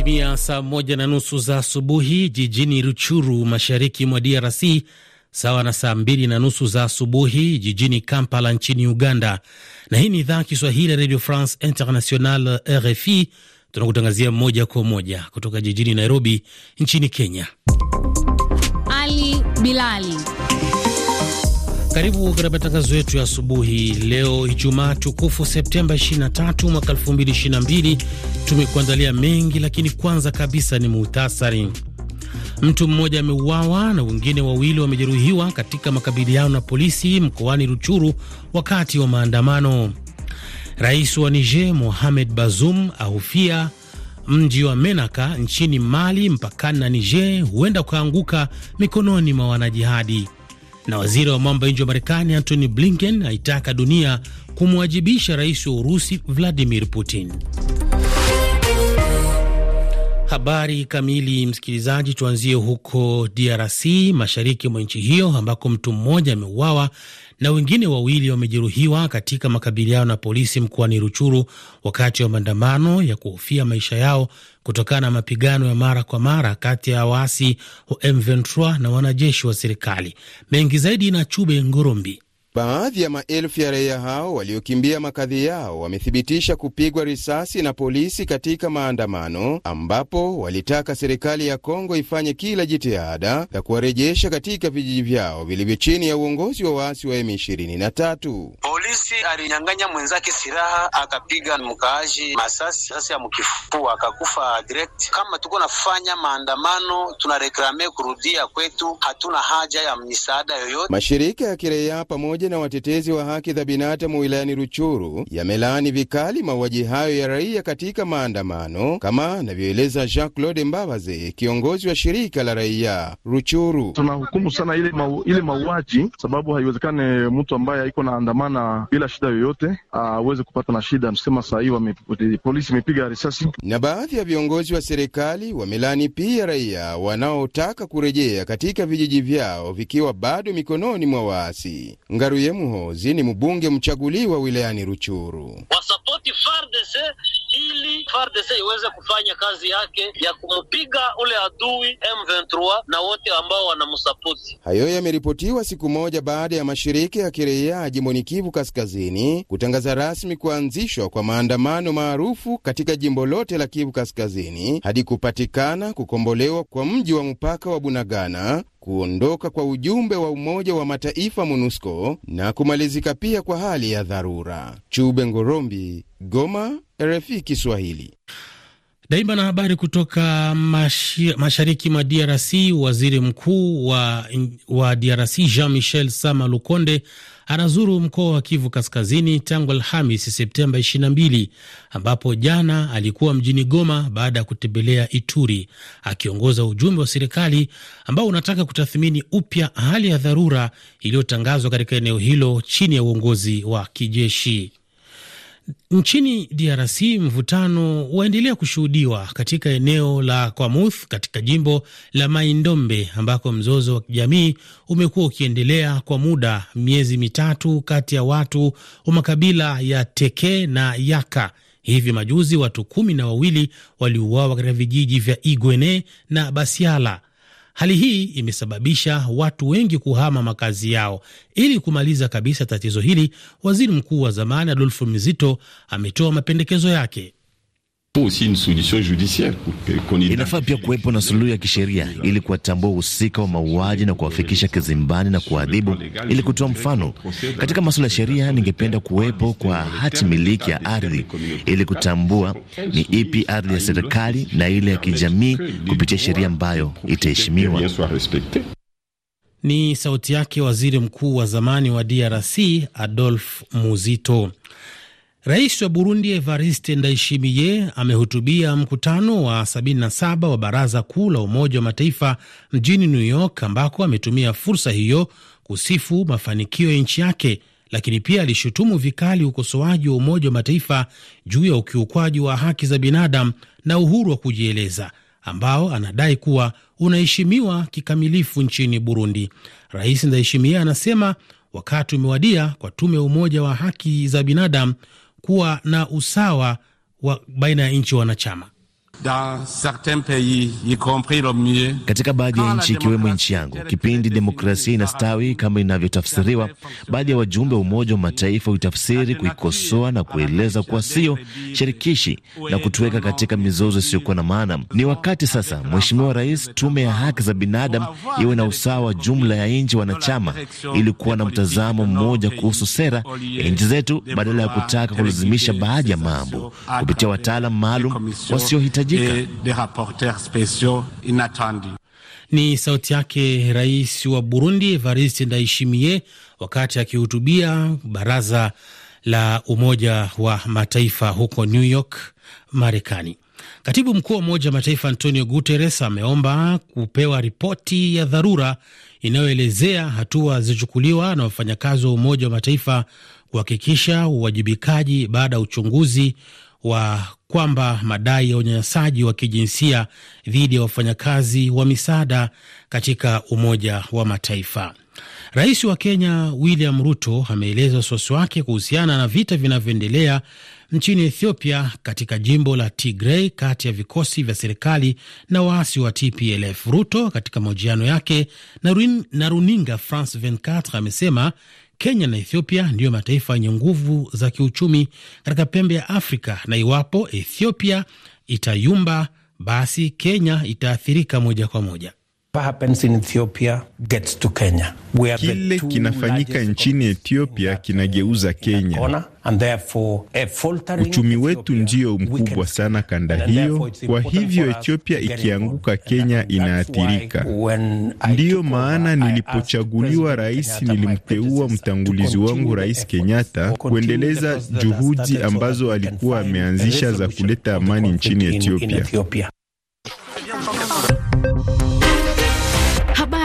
Imetimia saa moja na nusu za asubuhi jijini Ruchuru, mashariki mwa DRC, sawa na saa mbili na nusu za asubuhi jijini Kampala nchini Uganda. Na hii ni idhaa Kiswahili ya Radio France International, RFI. Tunakutangazia moja kwa moja kutoka jijini Nairobi nchini Kenya. Ali Bilali karibu katika matangazo yetu ya asubuhi leo Ijumaa tukufu Septemba 23 mwaka 2022. Tumekuandalia mengi, lakini kwanza kabisa ni muhtasari. Mtu mmoja ameuawa na wengine wawili wamejeruhiwa katika makabiliano na polisi mkoani Ruchuru wakati wa maandamano. Rais wa Niger Mohamed Bazoum ahufia mji wa Menaka nchini Mali mpakani na Niger huenda ukaanguka mikononi mwa wanajihadi na waziri wa mambo ya nje wa Marekani Antony Blinken aitaka dunia kumwajibisha rais wa Urusi Vladimir Putin. Habari kamili, msikilizaji, tuanzie huko DRC, mashariki mwa nchi hiyo ambako mtu mmoja ameuawa na wengine wawili wamejeruhiwa katika makabiliano na polisi mkoani Ruchuru wakati wa maandamano ya kuhofia maisha yao kutokana na mapigano ya mara kwa mara kati ya waasi wa M23 na wanajeshi wa serikali. Mengi zaidi na Chube Ngorombi. Baadhi ya maelfu ya raia hao waliokimbia makadhi yao wamethibitisha kupigwa risasi na polisi katika maandamano, ambapo walitaka serikali ya Kongo ifanye kila jitihada ya kuwarejesha katika vijiji vyao vilivyo chini ya uongozi wa waasi wa M23. Polisi alinyang'anya mwenzake silaha akapiga mkaaji masasi, sasa mkifua akakufa direct. Kama tuko nafanya maandamano, tunareklame kurudia kwetu, hatuna haja ya misaada yoyote. Mashirika ya kiraia pamoja na watetezi wa haki za binadamu wilayani Ruchuru yamelaani vikali mauaji hayo ya raia katika maandamano, kama anavyoeleza Jean Claude Mbabaze, kiongozi wa shirika la raia Ruchuru. Tunahukumu sana ile mauaji, sababu haiwezekane mtu ambaye iko naandamana bila shida yoyote aweze kupata na shida. Nasema saa hii polisi imepiga risasi. Na baadhi ya viongozi wa serikali wamelani pia raia wanaotaka kurejea katika vijiji vyao vikiwa bado mikononi mwa waasi. Ngaruye Muhozi ni mbunge mchaguliwa wilayani Ruchuru. Wasapoti FARDC ili FARDC iweze kufanya kazi yake ya kumpiga ule adui M23 na wote ambao wanamsapoti. Hayo yameripotiwa siku moja baada ya mashirika ya kiraia jimboni Kivu Kaskazini kutangaza rasmi kuanzishwa kwa maandamano maarufu katika jimbo lote la Kivu Kaskazini hadi kupatikana kukombolewa kwa mji wa mpaka wa Bunagana kuondoka kwa ujumbe wa Umoja wa Mataifa MONUSCO na kumalizika pia kwa hali ya dharura. Chube Ngorombi, Goma, RFI Kiswahili. Daima na habari kutoka mashi, mashariki mwa DRC. Waziri mkuu wa, wa DRC Jean Michel Sama Lukonde anazuru mkoa wa Kivu Kaskazini tangu Alhamis Septemba 22 ambapo jana alikuwa mjini Goma baada ya kutembelea Ituri akiongoza ujumbe wa serikali ambao unataka kutathmini upya hali ya dharura iliyotangazwa katika eneo hilo chini ya uongozi wa kijeshi. Nchini DRC mvutano waendelea kushuhudiwa katika eneo la Kwamuth katika jimbo la Maindombe ambako mzozo wa kijamii umekuwa ukiendelea kwa muda miezi mitatu kati ya watu wa makabila ya Teke na Yaka. Hivi majuzi watu kumi na wawili waliuawa katika vijiji vya Igwene na Basiala Hali hii imesababisha watu wengi kuhama makazi yao. Ili kumaliza kabisa tatizo hili, waziri mkuu wa zamani Adolfo Mizito ametoa mapendekezo yake. Inafaa pia kuwepo na suluhu ya kisheria ili kuwatambua uhusika wa mauaji na kuwafikisha kizimbani na kuadhibu ili kutoa mfano. Katika masuala ya sheria, ningependa kuwepo kwa hati miliki ya ardhi ili kutambua ni ipi ardhi ya serikali na ile ya kijamii kupitia sheria ambayo itaheshimiwa. Ni sauti yake waziri mkuu wa zamani wa DRC Adolf Muzito. Rais wa Burundi Evariste Ndayishimiye amehutubia mkutano wa 77 wa Baraza Kuu la Umoja wa Mataifa mjini New York, ambako ametumia fursa hiyo kusifu mafanikio ya nchi yake, lakini pia alishutumu vikali ukosoaji wa Umoja wa Mataifa juu ya ukiukwaji wa haki za binadamu na uhuru wa kujieleza ambao anadai kuwa unaheshimiwa kikamilifu nchini Burundi. Rais Ndayishimiye anasema wakati umewadia kwa tume ya Umoja wa haki za binadamu kuwa na usawa wa baina ya nchi wanachama. Katika baadhi ya nchi ikiwemo nchi yangu, kipindi demokrasia inastawi kama inavyotafsiriwa, baadhi ya wajumbe wa Umoja wa Mataifa huitafsiri, kuikosoa na kueleza kuwa sio shirikishi na kutuweka katika mizozo isiyokuwa na maana. Ni wakati sasa, Mheshimiwa Rais, tume ya haki za binadamu iwe na usawa wa jumla ya nchi wanachama ili kuwa na mtazamo mmoja kuhusu sera ya nchi zetu, badala ya kutaka kulazimisha baadhi ya mambo kupitia wataalam maalum wasiohitaji inahitajika. Et eh, des rapporteurs spéciaux inattendus. Ni sauti yake Rais wa Burundi Evariste Ndayishimiye wakati akihutubia baraza la Umoja wa Mataifa huko New York, Marekani. Katibu mkuu wa Umoja wa Mataifa Antonio Guterres ameomba kupewa ripoti ya dharura inayoelezea hatua zilizochukuliwa na wafanyakazi wa Umoja wa Mataifa kuhakikisha uwajibikaji baada ya uchunguzi wa kwamba madai ya unyanyasaji wa kijinsia dhidi ya wafanyakazi wa misaada katika Umoja wa Mataifa. Rais wa Kenya William Ruto ameeleza wasiwasi wake kuhusiana na vita vinavyoendelea nchini Ethiopia katika jimbo la Tigray kati ya vikosi vya serikali na waasi wa TPLF. Ruto katika mahojiano yake na runinga France 24 amesema Kenya na Ethiopia ndiyo mataifa yenye nguvu za kiuchumi katika pembe ya Afrika, na iwapo Ethiopia itayumba, basi Kenya itaathirika moja kwa moja. Kile kinafanyika nchini Ethiopia kinageuza Kenya. Uchumi wetu ndio mkubwa sana kanda hiyo, kwa hivyo Ethiopia ikianguka, Kenya inaathirika. Ndiyo maana nilipochaguliwa rais, nilimteua mtangulizi wangu Rais Kenyatta kuendeleza juhudi ambazo alikuwa ameanzisha za kuleta amani nchini Ethiopia.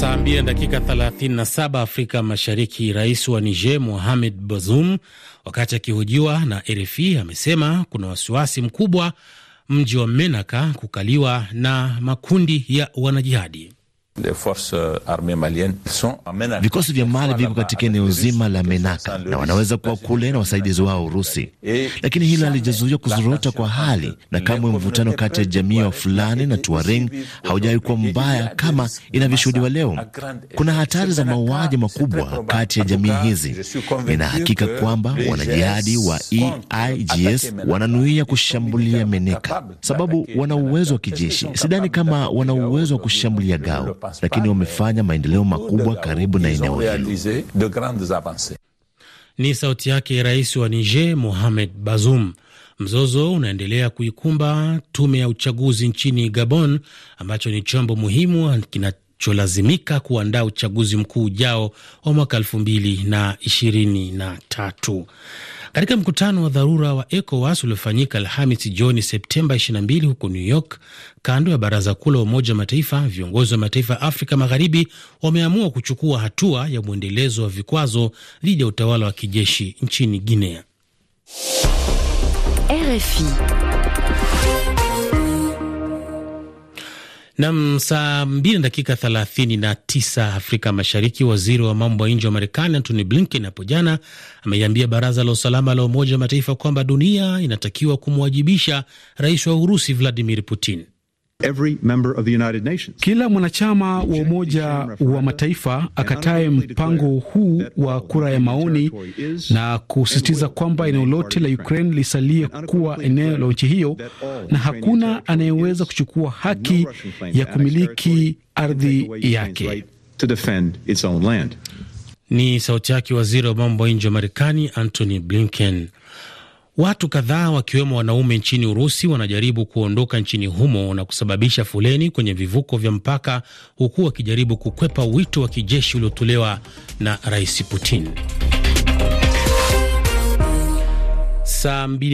Saa 2 dakika 37 Afrika Mashariki. Rais wa Niger Mohamed Bazoum, wakati akihojiwa na RFI, amesema kuna wasiwasi mkubwa mji wa Menaka kukaliwa na makundi ya wanajihadi. Euh, Vikosi vya Mali viko katika eneo zima la Menaka na wanaweza kuwa kule na wasaidizi wao Urusi, lakini hilo halijazuia kuzorota kwa hali, na kamwe mvutano kati ya jamii wa Fulani na Tuareg haujawahi kuwa mbaya kama inavyoshuhudiwa leo. Kuna hatari za mauaji makubwa kati ya jamii hizi. Nina hakika kwamba wanajihadi wa EIGS e wananuia kushambulia Meneka sababu wana uwezo wa kijeshi. Sidhani kama wana uwezo wa kushambulia Gao lakini wamefanya maendeleo makubwa karibu na eneo hilo. Ni sauti yake Rais wa Niger Mohamed Bazoum. Mzozo unaendelea kuikumba tume ya uchaguzi nchini Gabon, ambacho ni chombo muhimu kinacholazimika kuandaa uchaguzi mkuu ujao wa mwaka elfu mbili na ishirini na tatu. Katika mkutano wa dharura wa ECOWAS uliofanyika alhamis jioni Septemba 22 huko New York, kando ya baraza kuu la Umoja wa Mataifa, viongozi wa mataifa ya Afrika Magharibi wameamua kuchukua hatua ya mwendelezo wa vikwazo dhidi ya utawala wa kijeshi nchini Guinea. RFI Nam, saa mbili na dakika thelathini na tisa Afrika Mashariki. Waziri wa mambo ya nje wa Marekani Antony Blinken hapo jana ameiambia baraza la usalama la Umoja wa Mataifa kwamba dunia inatakiwa kumwajibisha rais wa Urusi Vladimir Putin. Every member of the United Nations. Kila mwanachama wa Umoja wa Mataifa akatae mpango huu wa kura ya maoni na kusisitiza kwamba eneo lote la Ukraine lisalie kuwa eneo la nchi hiyo, na hakuna anayeweza kuchukua haki ya kumiliki ardhi yake. Ni sauti yake waziri wa mambo ya nje wa Marekani Antony Blinken. Watu kadhaa wakiwemo wanaume nchini Urusi wanajaribu kuondoka nchini humo na kusababisha foleni kwenye vivuko vya mpaka huku wakijaribu kukwepa wito wa kijeshi uliotolewa na Rais Putin. Saa mbili